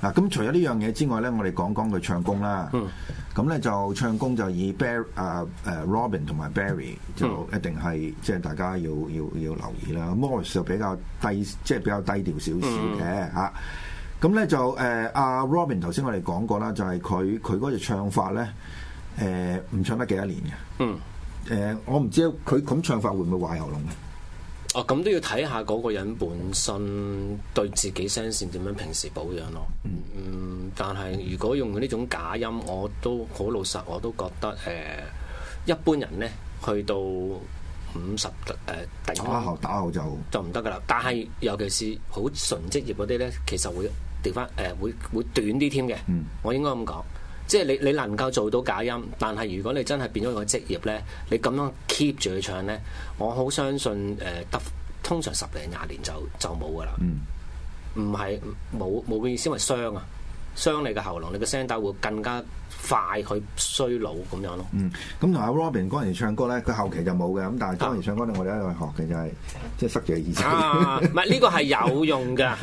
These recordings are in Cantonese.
啊！咁、嗯、除咗呢樣嘢之外咧，我哋講講佢唱功啦。咁咧、嗯、就唱功就以 Bar 啊、誒、啊、Robin 同埋 Barry 就一定係即係大家要要要留意啦。Morris 就比較低，即、就、係、是、比較低調少少嘅吓。咁咧、嗯啊、就誒阿、啊、Robin 頭先我哋講過啦，就係佢佢嗰隻唱法咧，誒、呃、唔唱得幾多年嘅？嗯。誒、呃、我唔知佢咁唱法會唔會壞喉嚨嘅？哦，咁都要睇下嗰個人本身對自己聲線點樣平時保養咯。嗯,嗯，但係如果用呢種假音，我都好老實，我都覺得、呃、一般人咧去到五十誒頂。打後打後就就唔得噶啦。但係尤其是好純職業嗰啲咧，其實會調返、呃、會,會短啲添嘅。嗯、我應該咁講。即係你你能夠做到假音，但係如果你真係變咗個職業呢，你咁樣 keep 住去唱呢，我好相信呃、得通常十零廿年就就冇㗎啦。唔係冇冇嘅意思，係傷啊！傷你嘅喉嚨，你嘅聲帶會更加快去衰老咁樣咯。嗯，咁同阿 Robin 嗰陣時唱歌咧，佢後期就冇嘅。咁但係嗰陣時唱歌咧，啊、我哋喺度學嘅就係即係塞住個耳仔。唔係呢個係有用噶，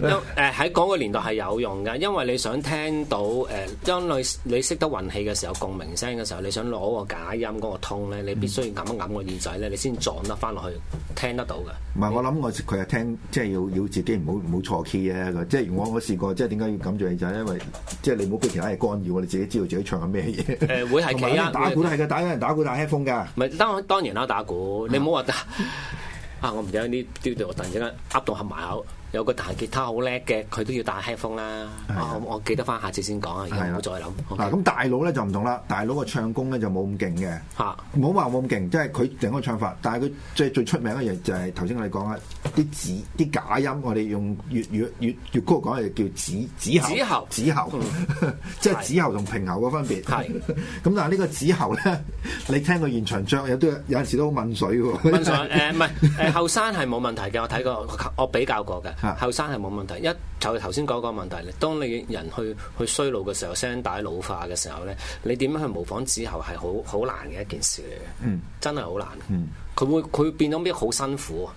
誒喺嗰個年代係有用噶，因為你想聽到誒，當、呃、你你識得運氣嘅時候，共鳴聲嘅時候，你想攞個假音嗰個痛咧，你必須要揞一揞個耳仔咧，你先撞得翻落去聽得到嘅。唔係、嗯、我諗我佢係聽，即係要要自己唔好唔好錯 key 啊。即係我我試過，即係點解要咁？就係因為即係你冇俾其他人干擾，你自己知道自己唱緊咩嘢。誒會係企人打鼓都係㗎，打緊人打鼓戴 headphone 㗎。唔係當當然啦，打鼓你唔好話啊！我唔想啲丟到我突然之間噏到合埋口。有個大吉他好叻嘅，佢都要戴 headphone 啦。我記得翻下次先講啊，而家唔好再諗。嗱咁大佬咧就唔同啦，大佬個唱功咧就冇咁勁嘅。嚇，唔好話冇咁勁，即係佢整個唱法。但係佢最最出名嘅嘢就係頭先我哋講啊，啲子啲假音，我哋用粵語粵粵語講係叫子子喉子喉子喉，即係子喉同平喉個分別。係。咁但係呢個子喉咧，你聽佢現場唱，有都有陣時都好問水嘅喎。問水？誒唔係誒後生係冇問題嘅，我睇過我比較過嘅。後生係冇問題，一就係頭先講個問題咧。當你人去去衰老嘅時候，聲帶老化嘅時候咧，你點樣去模仿子喉係好好難嘅一件事嚟嘅。嗯，真係好難。佢會佢變咗咩？好辛苦。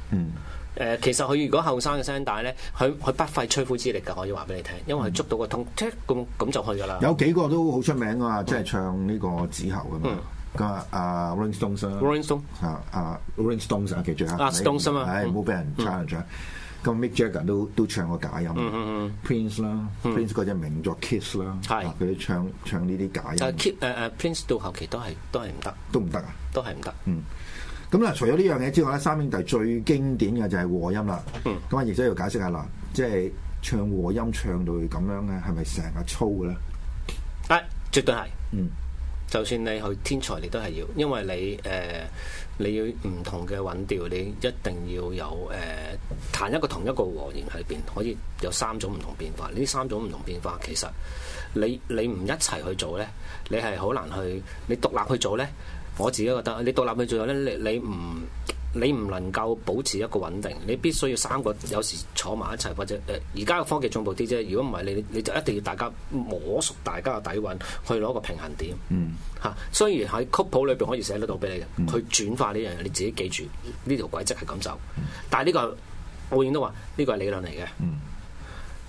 誒，其實佢如果後生嘅聲帶咧，佢佢不費吹灰之力㗎。我要話俾你聽，因為佢捉到個痛 c 咁咁就去㗎啦。有幾個都好出名啊，即係唱呢個子喉㗎嘛。嗯。個啊，Ringstone Ringstone 啊，Stone 冇俾人 charge 啊。咁 Mick Jagger 都都唱過假音、mm hmm.，Prince 啦、mm hmm.，Prince 嗰隻名作 Kiss 啦，佢、mm hmm. 唱唱呢啲假音。誒、uh, K ip, uh, uh, Prince 到後期都係都係唔得，都唔得啊，都係唔得。嗯。咁除咗呢樣嘢之外咧，三兄弟最經典嘅就係和音啦。咁啊、mm，亦都要解釋下啦，即、就、係、是、唱和音唱到咁樣咧，係咪成日粗嘅咧？絕對係。嗯。就算你去天才，你都係要，因為你誒、呃，你要唔同嘅韻調，你一定要有誒彈、呃、一個同一個和弦喺邊，可以有三種唔同變化。呢三種唔同變化，其實你，你你唔一齊去做呢，你係好難去；你獨立去做呢，我自己覺得你獨立去做呢，你你唔。你唔能夠保持一個穩定，你必須要三個有時坐埋一齊，或者誒，而家嘅科技進步啲啫。如果唔係，你你就一定要大家摸熟大家嘅底蘊，去攞個平衡點。嗯。嚇、啊，雖然喺曲譜裏邊可以寫得到俾你，嘅、嗯，佢轉化呢樣嘢，你自己記住呢條軌跡係咁走。嗯、但係呢個，我永遠都話呢、呢個係理論嚟嘅。嗯。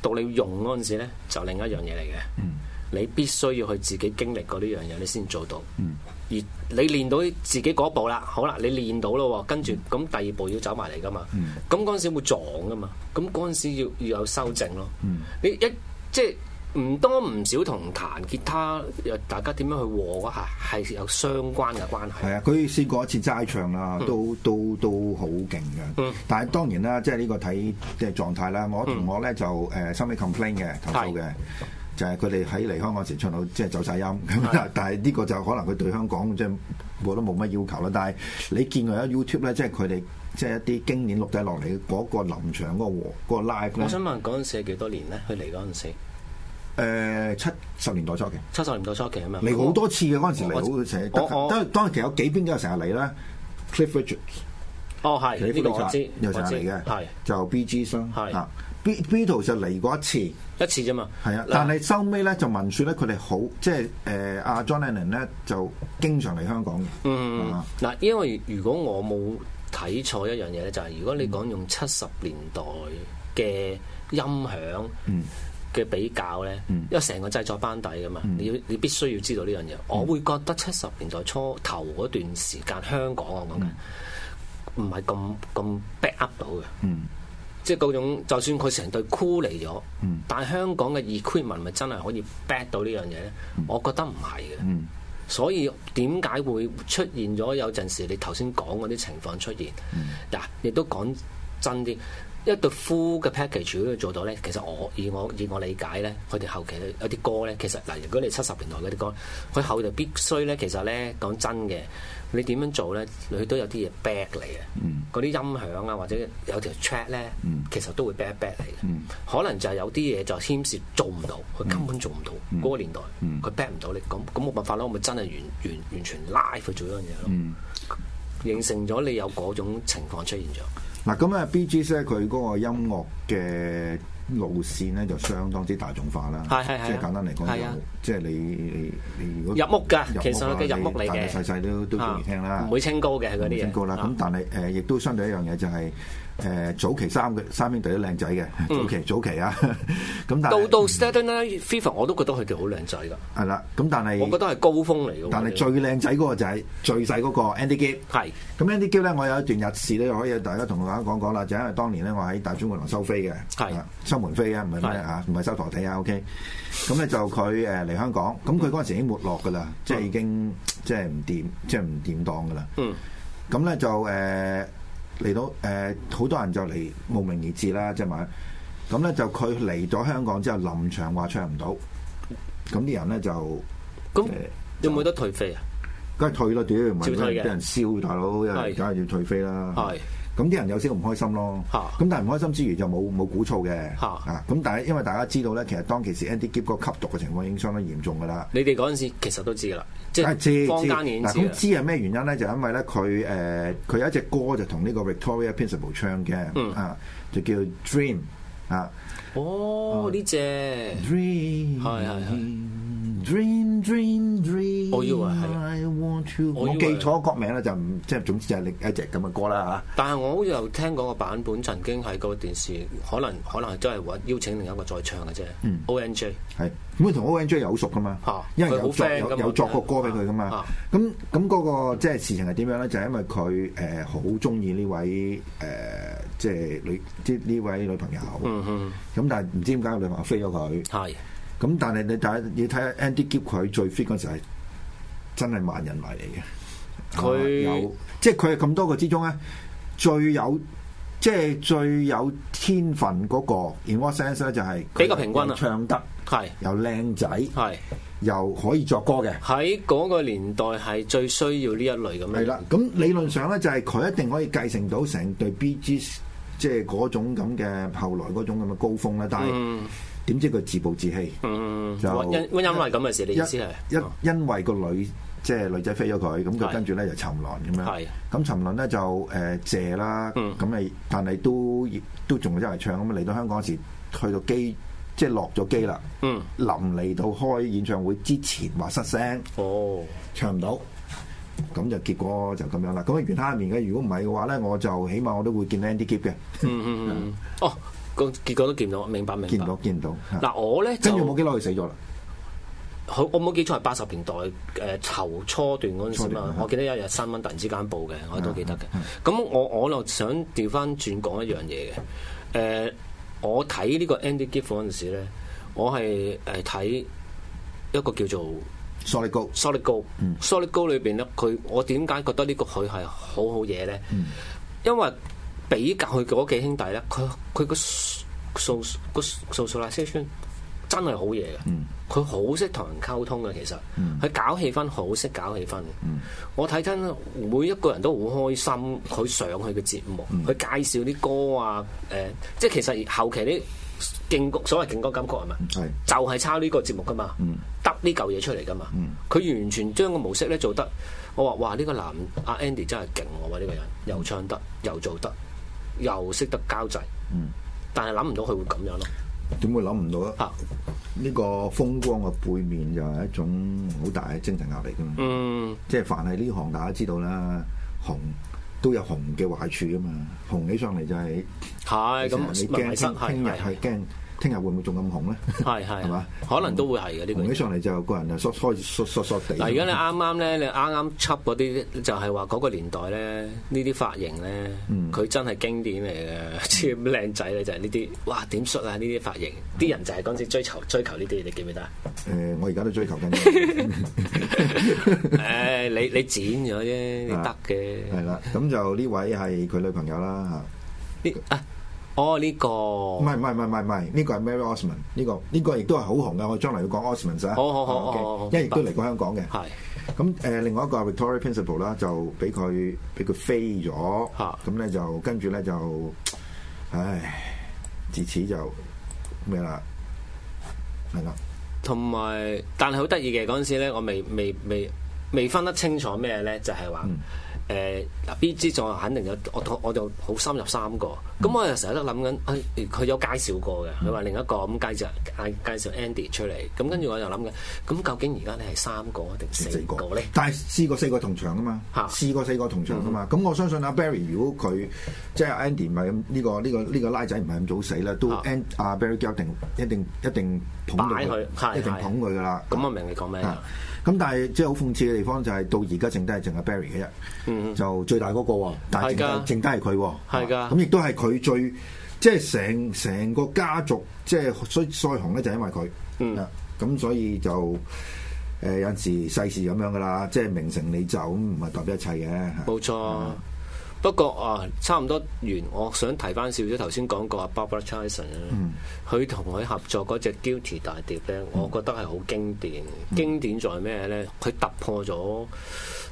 到你用嗰陣時咧，就另一樣嘢嚟嘅。嗯。你必須要去自己經歷過呢樣嘢，你先做到。而你練到自己嗰步啦，好啦，你練到咯，跟住咁第二步要走埋嚟噶嘛。咁嗰陣時會撞噶嘛，咁嗰陣時要要有修正咯。嗯、你一即係唔多唔少同彈吉他，大家點樣去和嗰下係有相關嘅關係。係啊，佢試過一次齋唱啦，都、嗯、都都好勁㗎。嗯、但係當然啦，即係呢個睇即係狀態啦。我同我咧就誒收尾 complain 嘅，投訴嘅。呃就係佢哋喺嚟香港時唱到即係走晒音，但係呢個就可能佢對香港即係我都冇乜要求啦。但係你見佢喺 YouTube 咧，即係佢哋即係一啲經典錄低落嚟嗰個臨場嗰個和嗰個 live 我想問嗰陣時係幾多年咧？佢嚟嗰陣時，誒七十年代初期，七十年代初期啊嘛嚟好多次嘅嗰陣時嚟好多次，當其有幾邊都成日嚟啦，Cliff Richard。哦，係呢個又成日嚟嘅，就 Bee Gees 生嚇。Bee Gees 就嚟過一次，一次啫嘛。係啊，但係收尾咧就聞説咧佢哋好，即係誒阿 Jonathan 咧就經常嚟香港嘅。嗯，嗱吧，因為如果我冇睇錯一樣嘢咧，就係、是、如果你講用七十年代嘅音響嘅比較咧，嗯、因為成個製作班底嘅嘛，你要、嗯、你必須要知道呢樣嘢。嗯、我會覺得七十年代初頭嗰段時間香港我講緊唔係咁咁 back up 到嘅。嗯。即係嗰種，就算佢成對箍嚟咗，嗯、但係香港嘅 equipment 咪真係可以 back 到呢樣嘢咧？嗯、我覺得唔係嘅，嗯、所以點解會出現咗有陣時你頭先講嗰啲情況出現？嗱、嗯，亦都講真啲。一對 full 嘅 package 如果做到咧，其實我以我以我理解咧，佢哋後期有啲歌咧，其實嗱，如果你七十年代嗰啲歌，佢後就必須咧，其實咧講真嘅，你點樣做咧，佢都有啲嘢 back 你嘅。嗰啲、嗯、音響啊，或者有條 track 咧，嗯、其實都會 back back 你嘅。嗯、可能就係有啲嘢就牽涉做唔到，佢根本做唔到嗰、嗯、個年代，佢 back 唔到你。咁咁冇辦法咯，我咪真係完完完，完全 live 去做一樣嘢咯。嗯、形成咗你有嗰種情況出現咗。嗱咁啊，Bee Gees 咧，佢嗰個音樂嘅路線咧就相當之大眾化啦，即係簡單嚟講，的即係你，你，你如果入屋㗎，屋其實佢入屋嚟嘅，細細你你都的都中意聽啦，唔會清高嘅嗰啲嘢，啦，咁但係是亦的都相對一樣嘢就係、是。誒、呃、早期三三兄弟都靚仔嘅，早期、嗯、早期啊，咁但係到到 Saturday Night Fever 我都覺得佢哋好靚仔噶。係啦，咁但係我覺得係高峰嚟。但係最靚仔嗰個就係最細嗰個 Andy Gibb。咁 Andy Gibb 咧，我有一段日子咧，可以大家同大家講講啦。就是、因為當年咧，我喺大專會堂收飛嘅，是的 收門飛啊，唔係咩啊？唔係是的 收台底啊。OK，咁咧就佢誒嚟香港，咁佢嗰陣時已經沒落噶啦，即係、嗯、已經即係唔掂，即係唔掂檔噶啦。咁咧就誒、是。嗯嚟到誒，好多人就嚟慕名而至啦，即係咪？咁咧就佢嚟咗香港之後，臨場話唱唔到，咁啲人咧就咁那、呃、有冇得退飛啊？梗係退啦，屌！都唔係，俾人燒大佬，因為梗係要退飛啦。係。咁啲人有少少唔開心咯，咁但係唔開心之餘就冇冇鼓噪嘅，啊咁但係因為大家知道咧，其實當其時 Andy Gibb 個吸毒嘅情況已經相當嚴重㗎啦。你哋嗰陣時其實都知㗎啦，即係坊間已經知啦。嗱，咁知係咩原因咧？就因為咧佢誒佢有一隻歌就同呢個 Victoria Principal 唱嘅，啊就叫 Dream 啊。哦，呢隻 Dream 係係係 Dream Dream。我以為 o 我記錯個歌名咧，就即係總之就係另一隻咁嘅歌啦嚇。但係我又聽講個版本曾經喺個電視，可能可能都係揾邀請另一個再唱嘅啫。嗯、O N J 係，咁佢同 O N J 有熟噶嘛，因為有作、啊、有，有，有作個歌俾佢噶嘛。嚇，咁咁嗰個即係事情係點樣咧？就係、是、因為佢誒好中意呢位誒、呃、即係女即呢位女朋友。嗯咁、嗯、但係唔知點解個女朋友飛咗佢。係是。咁但係你睇你睇 Andy Gibb 佢最 fit 嗰陣係。真係萬人迷嚟嘅，佢他、啊、有，即係佢係咁多個之中咧，最有即係最有天分嗰、那個。In what sense 咧就係比較平均啊，唱得係又靚仔，係又可以作歌嘅。喺嗰個年代係最需要呢一類咁樣。係啦，咁理論上咧就係佢一定可以繼承到成對 Bee Gees，即係嗰種咁嘅後來嗰種咁嘅高峰啦，但係。嗯點知佢自暴自棄，就因因為咁嘅事，你意思係因因為個女即係女仔飛咗佢，咁佢跟住咧就沉淪咁樣。係咁沉淪咧就誒謝啦，咁誒但係都都仲係一齊唱，咁嚟到香港時，去到機即係落咗機啦。嗯，臨嚟到開演唱會之前話失聲哦，唱唔到，咁就結果就咁樣啦。咁喺其下面嘅，如果唔係嘅話咧，我就起碼我都會見 hand 啲 g 嘅。嗯嗯嗯哦。個結果都見唔到，明白明白，明白。見唔到見到。嗱、啊，我咧，跟住冇幾耐死咗啦。好，我冇好記錯，係八十年代誒籌，初段嗰陣時啊，段我記得有一日新聞突然之間報嘅，我都記得嘅。咁、啊啊啊、我我又想調翻轉講一樣嘢嘅。誒，我睇呢個 Andy Gibb 嗰陣時咧，我係誒睇一個叫做 Solid Gold，Solid Gold，Solid Gold，Solid Gold 裏邊咧，佢我點解覺得這個是很好呢個佢係好好嘢咧？嗯、因為比較佢嗰幾兄弟咧，佢佢個數個數數啦，先真係好嘢嘅。佢好識同人溝通嘅，其實佢搞氣氛好識搞氣氛。氣氛嗯、我睇親每一個人都好開心，佢上佢嘅節目，佢、嗯、介紹啲歌啊，誒、呃，即係其實後期啲勁所謂勁歌金曲係咪？係係就係抄呢個節目㗎嘛，得呢嚿嘢出嚟㗎嘛。佢、嗯、完全將個模式咧做得，我話哇呢、呢個男阿 Andy 真係勁喎，哇、呢、呢個人又唱得又做得。又識得交際，嗯，但係諗唔到佢會咁樣咯。點會諗唔到啊？呢個風光嘅背面就係一種好大嘅精神壓力噶嘛。嗯，即係凡係呢行，大家知道啦，紅都有紅嘅壞處噶嘛。紅起上嚟就係係咁，啊、你驚聽日係驚。上聽日會唔會仲咁紅咧？係係，係嘛？可能都會係嘅呢個。起上嚟就個人就梳開梳梳地。嗱，而家你啱啱咧，你啱啱 cut 嗰啲，就係話嗰個年代咧，呢啲髮型咧，佢真係經典嚟嘅，超靚仔咧就係呢啲。哇，點梳啊呢啲髮型？啲人就係嗰陣時追求追求呢啲，你記唔記得啊？誒，我而家都追求緊。誒，你你剪咗啫，你得嘅。係啦，咁就呢位係佢女朋友啦吓。啊！哦，呢、oh, 呢個唔係唔係唔係唔係呢個係 Mary Osmond 呢、呢個呢、呢個亦都係好紅嘅。我將來要講 Osmond 好好好，因為亦都嚟過香港嘅。係咁誒，另外一個 Victoria Principal 啦是的，就俾佢俾佢飛咗咁咧就跟住咧就唉，自此就咩啦明啦。同埋，但係好得意嘅嗰陣時咧，我未未未未分得清楚咩咧，就係話誒 B 資助肯定有我我就好深入三個。咁我又成日都諗緊，佢、哎、佢有介紹過嘅，佢話另一個咁介紹介紹 Andy 出嚟，咁跟住我又諗緊，咁究竟而家你係三個定四個咧？但係試過四個同場啊嘛，試過、啊、四個同場啊嘛，咁我相信阿 Barry 如果佢即係 Andy 唔係咁、呢、呢個呢、呢個呢、呢個拉仔唔係咁早死啦都阿 Barry 一定一定一定捧佢，一定捧佢噶啦。咁是我明你講咩咁、啊、但係即係好諷刺嘅地方就係、是、到而家剩低係淨係 Barry 嘅啫，嗯、就最大嗰、嗰個，但係剩低係佢，係㗎的。咁亦的都係佢。最即係成成個家族，即係衰腮紅咧，就係、因為佢啦。咁、嗯嗯、所以就誒、呃、有陣時世事咁樣噶啦，即係名成你就名成利就咁，唔係代表一切嘅、啊。冇錯、啊，是啊、不過啊，差唔多完。我想提翻少少頭先講過阿 Barbra Streisand 咧，佢同佢合作嗰隻 Guilty 大碟咧，嗯、我覺得係好經典。經典在咩咧？佢突破咗，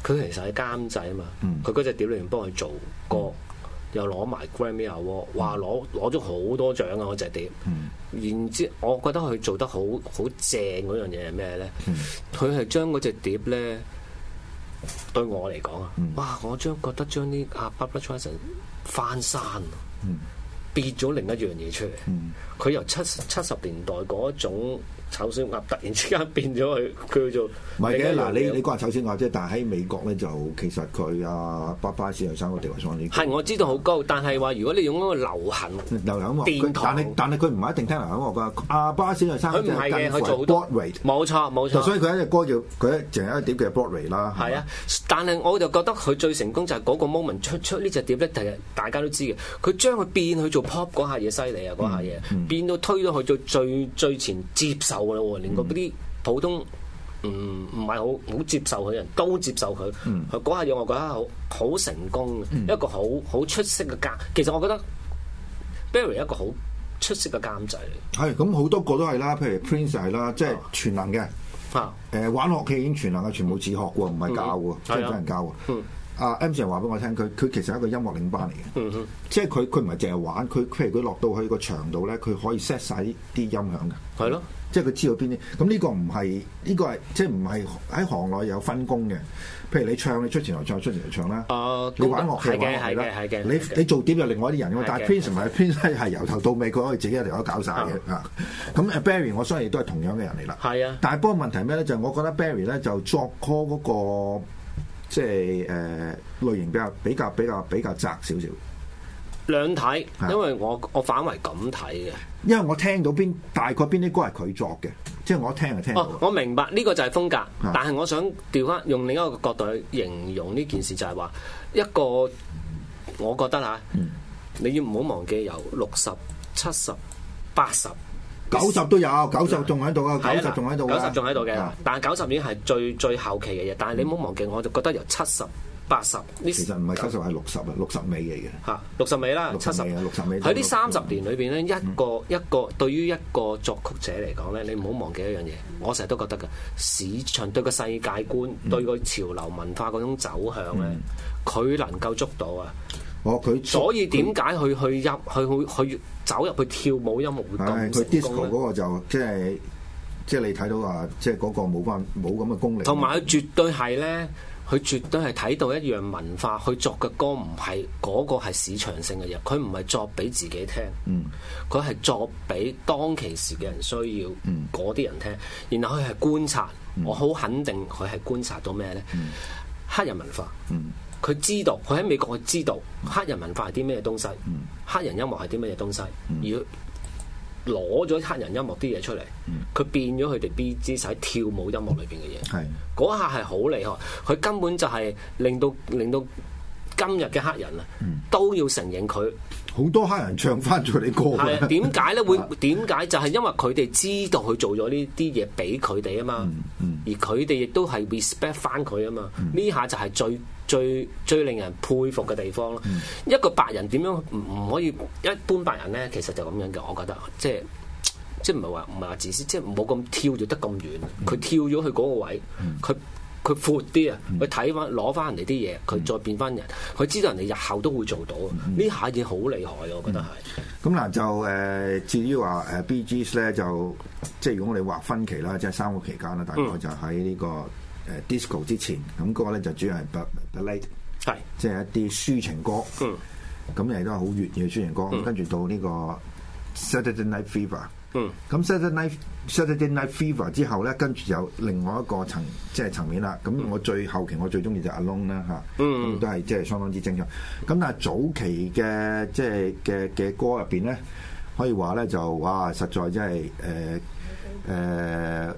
佢其實係監製啊嘛。佢嗰隻碟裏面幫佢做歌。嗯又攞埋 Grammy Award，哇！攞攞咗好多獎啊！嗰、那、隻、個、碟，嗯、然之我覺得佢做得好好正嗰樣嘢係咩咧？佢係將嗰隻碟咧，對我嚟講啊，嗯、哇！我將覺得將啲啊 Barbra Streisand 翻山，變咗、嗯、另一樣嘢出嚟。佢、嗯、由七七十年代嗰種。醜小鴨突然之間變咗佢，佢叫做唔係嘅嗱，是你你講係醜小鴨啫，但係喺美國咧就其實佢啊，巴巴士又生個地位創意係我知道好高，但係話如果你用嗰個流行電台，但係但係佢唔係一定聽流行喎，佢阿巴芭士又生佢唔係嘅佢做好多，冇錯冇錯，錯所以佢一隻歌叫佢整有一碟叫做 Broadway 啦。係啊，但係我就覺得佢最成功就係嗰個 moment 出出呢隻碟咧，係大家都知嘅，佢將佢變去做 pop 嗰下嘢犀利啊，嗰下嘢、嗯嗯、變到推到去做最最前接受。連嗰啲普通唔唔係好好接受佢人都接受佢，佢嗰下嘢我覺得好好成功、嗯、一個好好出色嘅監。其實我覺得 Barry 一個好出色嘅監製。係咁好多個都係啦，譬如 Prince 啦，即係全能嘅啊！誒、啊，玩樂器已經全能嘅，全部自學喎，唔係教喎，真係、嗯、畀人教阿 Emerson 話俾我聽，佢佢其實係一個音樂領班嚟嘅，即係佢佢唔係淨係玩，佢譬如佢落到去個場度咧，佢可以 set 晒啲音響嘅。係咯，即係佢知道邊啲。咁呢個唔係呢個係即係唔係喺行內有分工嘅。譬如你唱，你出前台唱，出前台唱啦。你玩樂器係嘅，係你你做碟又另外啲人㗎，但係 Prince 唔係，由頭到尾佢可以自己一條友搞晒嘅。啊，咁 Barry 我相信亦都係同樣嘅人嚟啦。係啊，但係不過問題係咩咧？就係我覺得 Barry 咧就作 call 嗰個。即係誒、呃，類型比較比較比較比較窄少少。兩睇體，的因為我我反為咁睇嘅。因為我聽到邊大概邊啲歌係佢作嘅，即係我一聽就聽到、哦、我明白呢、這個就係風格，是的但係我想調翻用另一個角度去形容呢件事，就係、是、話一個，我覺得吓，啊嗯、你要唔好忘記由六十、七十、八十。九十都有，九十仲喺度啊，九十仲喺度，九十仲喺度嘅。但係九十已經係最最後期嘅嘢。但係你唔好忘記，我就覺得由七十八十呢，其實唔係七十係六十啊，六十尾嚟嘅。吓，六十尾啦，七十啊，六十尾。喺呢三十年裏邊呢，一個一個對於一個作曲者嚟講咧，你唔好忘記一樣嘢，我成日都覺得噶市場對個世界觀、對個潮流文化嗰種走向咧，佢能夠捉到啊。哦，佢所以點解佢去入去去佢走入去跳舞音樂活動？佢 disco 嗰個就即係即係你睇到啊，即係嗰個冇翻冇咁嘅功力。同埋佢絕對係咧，佢絕對係睇到一樣文化，佢作嘅歌唔係嗰個係市場性嘅嘢，佢唔係作俾自己聽。嗯，佢係作俾當其時嘅人需要。嗰啲人聽，然後佢係觀察。嗯，我好肯定佢係觀察到咩咧？嗯，黑人文化。嗯。佢知道，佢喺美國佢知道黑人文化係啲咩嘢東西，嗯、黑人音樂係啲乜嘢東西，嗯、而攞咗黑人音樂啲嘢出嚟，佢、嗯、變咗佢哋 Bee Gees 喺跳舞音樂裏邊嘅嘢。係嗰、嗯、下係好厲害，佢根本就係令到令到今日嘅黑人啊、嗯、都要承認佢。好多黑人唱翻咗啲歌㗎。點解咧？為什麼呢 會點解？就係、是、因為佢哋知道佢做咗呢啲嘢俾佢哋啊嘛。嗯嗯、而佢哋亦都係 respect 翻佢啊嘛。呢下、嗯、就係最。最最令人佩服嘅地方咯，嗯、一個白人點樣唔唔，可以一般白人咧？其實就咁樣嘅，我覺得即係即係唔係話唔係話自私，即係唔好咁跳咗得咁遠。佢跳咗去嗰個位，佢佢、嗯、闊啲啊，佢睇翻攞翻人哋啲嘢，佢再變翻人。佢、嗯、知道人哋日後都會做到，呢下嘢好厲害，嗯、我覺得係。咁嗱就誒、呃，至於話誒、呃、Bee Gees 咧，就即係如果我哋劃分期啦，即係三個期間啦，大概就喺呢、呢個。嗯誒、呃、disco 之前，咁歌咧就主要係 ballad 即係一啲抒情歌，咁亦都係好粵語嘅抒情歌。跟住到呢個 Saturday Night Fever，嗯，咁 Saturday Night,、嗯、Night Saturday Night Fever 之後咧，跟住有另外一個層即係層面啦。咁我最後期我最中意就 alone 啦，嚇，嗯，啊、都係即係相當之精確。咁但係早期嘅即係嘅嘅歌入邊咧，可以話咧就哇，實在、就是呃呃、真係誒誒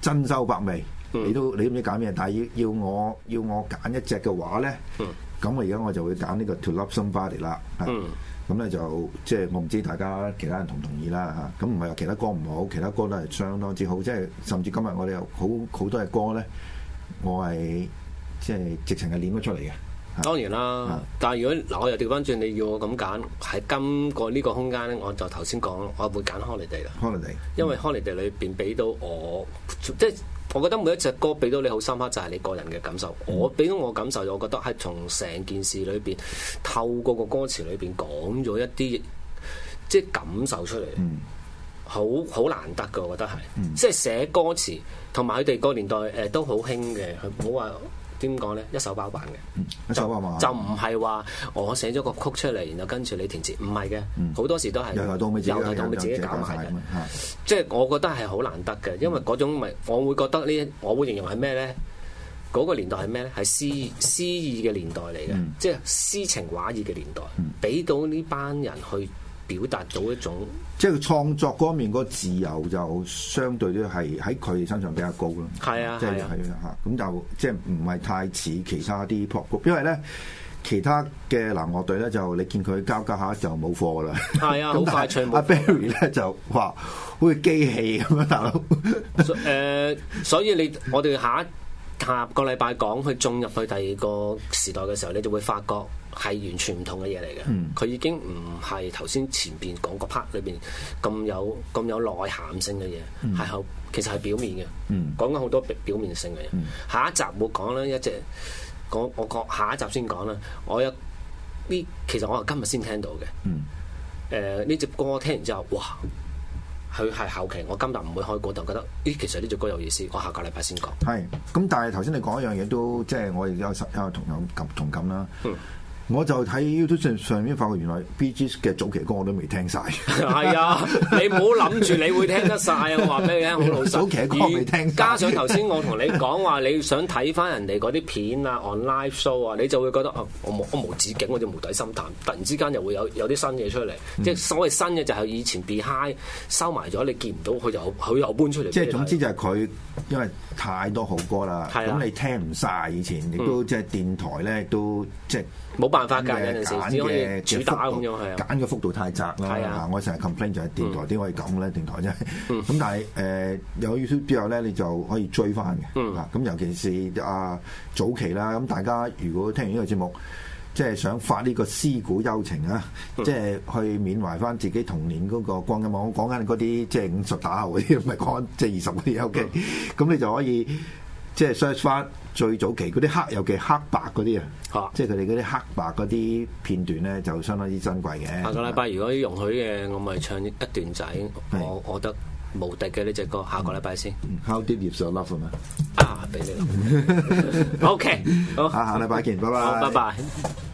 珍饈百味。你都你都唔知揀咩，但係要要我要我揀一隻嘅話咧，咁、嗯、我而家我就會揀呢個 To Love Somebody 啦。咁咧、嗯、就即係、就是、我唔知大家其他人同唔同意啦嚇。咁唔係有其他歌唔好，其他歌都係相當之好，即係甚至今日我哋有好好多嘅歌咧，我係、就是、即係直情係唸咗出嚟嘅。當然啦，是但係如果嗱我又調翻轉，你要我咁揀，喺今個呢個空間，我就頭先講，我會揀康 o l i y 啦。d Holiday, 因為康 o l i d 裏面俾到我、嗯、即係。我覺得每一隻歌俾到你好深刻，就係、是、你個人嘅感、嗯、感受。我俾到我感受，我覺得係從成件事裏邊透過個歌詞裏邊講咗一啲即係感受出嚟，好好、嗯、難得嘅。我覺得係，嗯、即係寫歌詞同埋佢哋個年代誒、呃、都好興嘅，唔好話。點講咧？一手包辦嘅，一手包辦就唔係話我寫咗個曲出嚟，然後跟住你填詞，唔係嘅，好、嗯、多時都係有由台導自己搞埋嘅。即係我覺得係好難得嘅，嗯、因為嗰種咪，我會覺得呢，我會形容係咩咧？嗰、嗰個年代係咩咧？係詩詩意嘅年代嚟嘅，嗯、即係詩情畫意嘅年代，俾到呢班人去。表達到一種，即係佢創作嗰方面個自由就相對都係喺佢身上比較高咯。係啊，即係係啊，咁就即係唔係太似其他啲 pop group, 因為咧其他嘅男樂隊咧就你見佢交交一下就冇貨啦。係啊，咁但係阿 Barry 咧就話好似機器咁樣大佬。誒以、 呃，所以你我哋下。下個禮拜講佢進入去第二個時代嘅時候，你就會發覺係完全唔同嘅嘢嚟嘅。佢、嗯、已經唔係頭先前邊講個 part 裏邊咁有咁有內涵性嘅嘢，係好、嗯、其實係表面嘅。嗯，講緊好多表面性嘅嘢。嗯、下一集會講啦，一隻我我講下一集先講啦。我有呢，其實我係今日先聽到嘅。誒呢隻歌聽完之後，哇！佢係後期，我今日唔會開過，就覺得，咦，其實呢隻歌有意思，我下個禮拜先講。係，咁但係頭先你講一樣嘢都，即係我亦有有同有同感啦。嗯。我就睇 YouTube 上，上面發覺原來 Bee Gees 嘅早期歌我都未聽晒，係啊，你唔好諗住你會聽得曬，啊，我話畀你聽，好老實，你早期歌未而 聽。加上頭先我同你講話，你想睇翻人哋嗰啲片啊，on live show 啊，你就會覺得，啊、我無我無止境，我就無底深潭，突然之間又會有有啲新嘢出嚟，嗯、即係所謂新嘅就係以前被 high 收埋咗，你見唔到佢就佢又搬出嚟。即係總之就係佢，因為太多好歌啦，咁，啊、你聽唔晒以前亦都，嗯、即係電台咧，都即係冇辦。發覺有陣時主打咁樣，係啊，揀嘅幅，幅度太窄啦。係啊，我成日 complain 就係電台啲，點可以咁咧？電台真係。咁、嗯嗯、但係誒、呃、有 YouTube 之後咧，你就可以追翻嘅。嗯，咁尤其是阿、啊、早期啦，咁大家如果聽完呢個節目，即係想發呢個思古幽情啊，嗯、即係去緬懷翻自己童年嗰個光陰嘛。嗯、我講緊嗰啲即係五十打後啲，唔係講即係二十嗰啲幽記。咁、嗯、你就可以。即係 search 翻最早期嗰啲黑尤其黑白嗰啲啊，即係佢哋嗰啲黑白嗰啲片段咧，就相當之珍貴嘅。下個禮拜如果容許嘅，我咪唱一段仔。是我我覺得無敵嘅呢隻歌，下個禮拜先。How deep is your love 啊？啊，俾你。OK，好。下下個禮拜見，拜拜。拜拜。